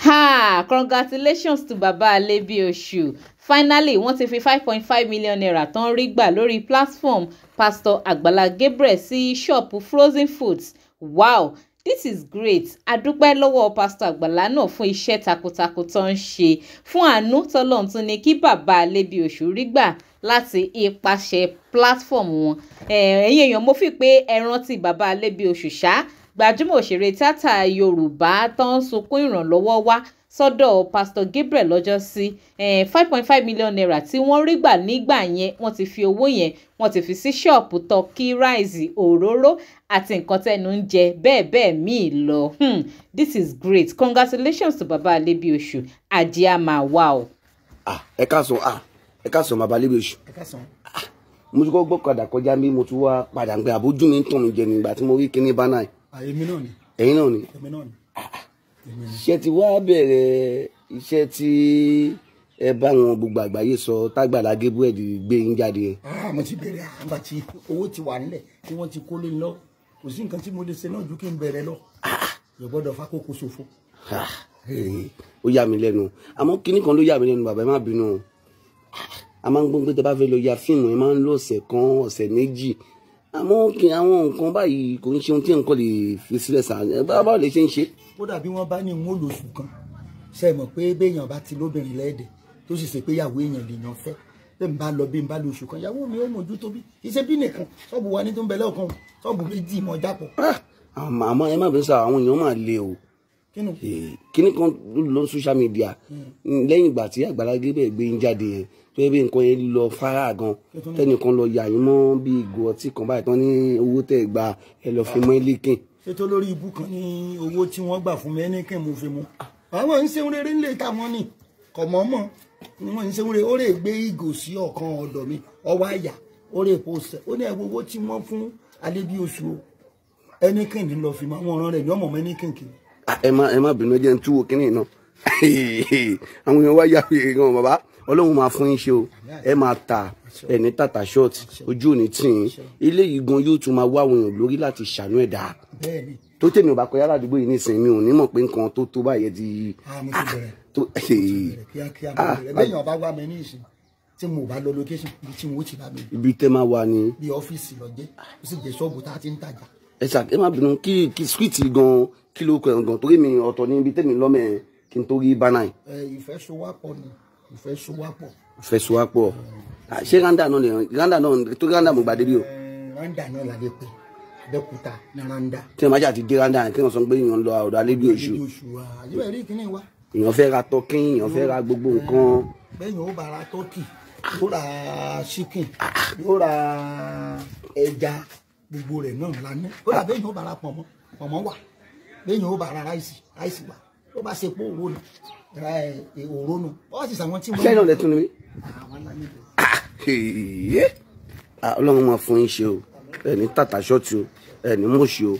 Ha! Congratulations to Baba Alebiosu. Finally, wọ́n ti fi five point five million naira tán rí gbà lórí platform Pastor Agbala Gabriel sí ṣọ́ọ̀pù Frozen Foods. Wow! This is great adúpẹ́ lọ́wọ́ pásítọ̀ àgbàlá náà fún iṣẹ́ takuntakun tó ń ṣe fún àánú tọ́lọ́run tún ní kí bàbá Alebiosu rí gbà láti ipasẹ̀ platform wọn ẹ̀yin èèyàn mo fi pé ẹ Baba bàbá Alebiosu ṣáá gbajúmọ̀ òṣèré tíátà yorùbá tó ń sunkún ìrànlọ́wọ́ wá sọ́dọ̀ pásítọ̀ Gabriel lọ́jọ́sí five point five million naira tí wọ́n rí gbà nígbà yẹn wọ́n ti fi owó yẹn wọ́n ti fi sí ṣọ́ọ̀pù tọ́kì ráìsì òróró àti nǹkan tẹ́nu ń jẹ bẹ́ẹ̀ bẹ́ẹ̀ míì lọ hmm, this is great congratulations to baba Alebiosu àjẹ́ a Ma wà o. ẹ káàsán ẹ káàsán baba Alebiosu mo ti kọ́ gbọ́kadà kọjá mi mo ti wá padà gbé àbójú mi ń tàn mí jẹ nígbà tí mo rí kinní bánáì Ah, èmi náà ni. ẹ̀yin náà ni. èmi náà ni. Ah, ah. ṣé ti wá bẹ̀rẹ̀ iṣẹ́ tí ẹ bá wọn gbogbo àgbáyé sọ tágbàlá Gabriel gbé yín jáde. mo ti bẹ̀rẹ̀ àgbà tí owó ti wà nílẹ̀ tí wọ́n ti kó lé lọ kò sí nǹkan tí mo lè ṣe náà ju kí n bẹ̀rẹ̀ lọ yọ̀gbọ́dọ̀ fákòókò ṣòfò. Eh, ó yà mí lẹ́nu àmọ́ kinní kan ló yà mí lẹ́nu bàbá ẹ má bínú a máa ń gbọ́n tẹ bá fẹ́ lọ ya fíìmù ẹ máa ń lọ ọ̀sẹ̀ kan ọ̀sẹ̀ méjì àmọ́ kí àwọn nǹkan báyìí kò ń ṣe ohun tí nǹkan lè fi sílẹ̀ sàn báwo lè ṣe ń ṣe. kódà bí wọ́n bá ní n ó lóṣù kan ṣe mọ̀ pé béèyàn bá ti lóbìnrin lẹ́ẹ̀dẹ̀ tó sì ṣe pé ìyàwó èèyàn lèèyàn fẹ́ pé n bá lọ bí n bá lóṣù kan ìyàwó mi ò mójú tó bí bí nìkan ṣọ́ọ̀bù wa ní tó ń bẹ lọ́ọ̀kan ṣọ́ọ̀bù méjì mọ́ jápọ̀. Ah! àmọ́ ẹ má bẹ́ẹ̀ sọ àwọn èèyàn máa le o kíní kan ló social media hmm. Hmm, lẹ́yìn ìgbà tí Àgbàlá Gabriel gbé yín jáde yẹn tó yẹ bí nǹkan yẹn lọ fara gan tẹnìkan lọ yà yín mọ́ bí ìgò ọtí kan báyìí tán ní owó tẹ̀ gba ẹ lọ fi mọ́ ẹlẹ́kìn. ṣètò lórí ibú kan ní owó tí wọ́n gbà fún mi ẹnìkan mo fi mu àwọn ń ṣe oore nílé ìta wọn ni kò mọ́ mọ́ wọn ń ṣe oore ó lè gbé ìgò sí ọ̀kan ọ̀dọ̀ mi ọwọ́ àyà ó lè post ó ní ẹ̀wọ̀ owó tí wọ́n fún alẹ́ bí oṣù ẹnìkan ní lọ fi mọ́ àwọn ọ̀ràn Ah, ẹ má ẹ má bínú jẹ́ ń túwò kínní náà àwọn èèyàn wá yà wèrè gan bàbá ọlọ́run máa fún yín ṣe o ẹ máa ta ẹni tàtà short ojú òní tì í ilé yìí gan yóò tún máa wá àwọn èèyàn lórí láti ṣàánú ẹ̀dá tó tèmi ò bá kọjá ládùúgbò yìí nísìnyí mi ò ní mọ̀ pé nǹkan tó tó báyẹn ti. Ah, ah, tó ẹ̀yìn ọba wa mi ní ìsìn tí mo bá lọ location ibi tí mo ti bá mi. ibi tẹ́ máa wà ní. bí ọ́fíìsì lọ jẹ́ ó sì jẹ́ ṣọ́ọ̀bù tá a ti ń tajà ẹ ṣà ẹ má bínú kí kí swíìtì gan kí ló kọ gan torí mi ọ̀tọ̀ ní ibi tẹ́mi lọ́mọ ẹ̀ kí n tó rí bánà yìí. ẹ ìfẹ́ sowápọ̀ ni ìfẹ́ sowápọ̀. ìfẹ́ sowápọ̀ ṣé randa náà lè randa náà tó randa mo gbàdé bí o. randa náà la dé pé abẹ́kúta ní randa. tí wọ́n bá jà ti dé randa yẹn kí wọ́n sọ pé èèyàn lọ ọ̀dọ̀ alẹ́ bí oṣù. èèyàn fẹ́ ra tọ́kín èèyàn fẹ́ ra gbogbo nǹkan. bẹ́ẹ̀ni ó bára tọ́kì ó ra ṣíkìn ó ra ẹja gbogbo rẹ̀ náà la ní ó dàbí èyàn ó bára pọ̀nmọ́ pọ̀nmọ́ wà béèyàn ó bára ráìsì ráìsì wà ó bá ṣe pé òró nù eh, eh, òró nù ó sì sàwọn tí wọ́n. sẹ́yìn náà lẹ́tún mi. ọlọ́run máa fún yín ṣe o ẹni tàtà ṣọ́ọ̀tì o ẹni mọ̀ọ́ṣì o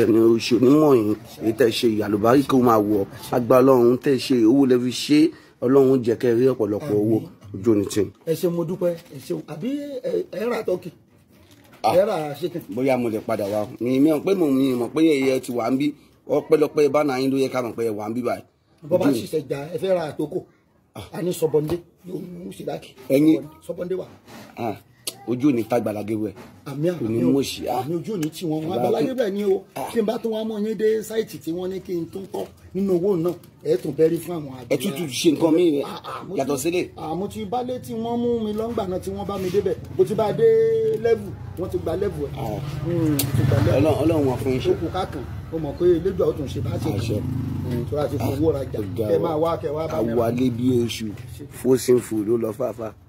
ẹni oṣù onímọ̀yìn èyí tẹ́ ṣe ìyàlùbárí kí o máa wọ̀ agbá ọlọ́run tẹ́ ṣe owó lẹ́fi ṣe ọlọ́run jẹ́ kẹ́ rí ọ̀pọ̀lọpọ̀ owó ojú oní tí. ẹ ṣe mo dúpẹ́ ẹ ṣeun àbí eh, ẹ ra tọ́kì. Ah, ẹ̀rà ṣíkìn. bóyá mo lè padà wá mi mi mọ̀ pé mo mi mọ̀ pé ẹyẹ ti wà ń bí ọpẹ́lọpẹ́ bánà yín ló yẹ ká mọ̀ pé ẹ wà ń bí báyìí. bọ́bá ṣiṣẹ́ gba ẹ fẹ́ ra àtòkò àní ah. sọ́bọ̀ndé yóò mú síláàkì ẹ̀yin sọ́bọ̀ndé wà. Ah ojú òní tá gbàlagéwẹ̀ kò ní mú òṣì. àmì ojú òní tí wọ́n wá gbàlagéwẹ̀ ni o ah. tí n bá tó wá mọ̀ yín dé sáìtì tí wọ́n ní kí n tó kọ́ nínú owó náà ẹ̀ tún bẹ́rí fún àwọn àgbẹ̀. ẹ tútù ṣe nǹkan mi rẹ ah, ah, eh, yàtọ̀ sílẹ̀. àmọ́ ti balé tí wọ́n mú mi lọ́ngbà náà tí wọ́n bá mi débẹ̀ bó ti bá dé lẹ́vù wọ́n ti gba lẹ́vù ẹ̀. Hmm, ọlọ́run wọn fún iṣẹ́. okùn kákan o mọ̀ pé elédùn àwọn tó ń ṣe bá ṣe kàn hmm, tóra ti fowó rajà ẹ máa wá kẹ wá bá mi. àwọ̀ alẹ́ bí oṣù fóṣìfò ló lọ fàáfàá.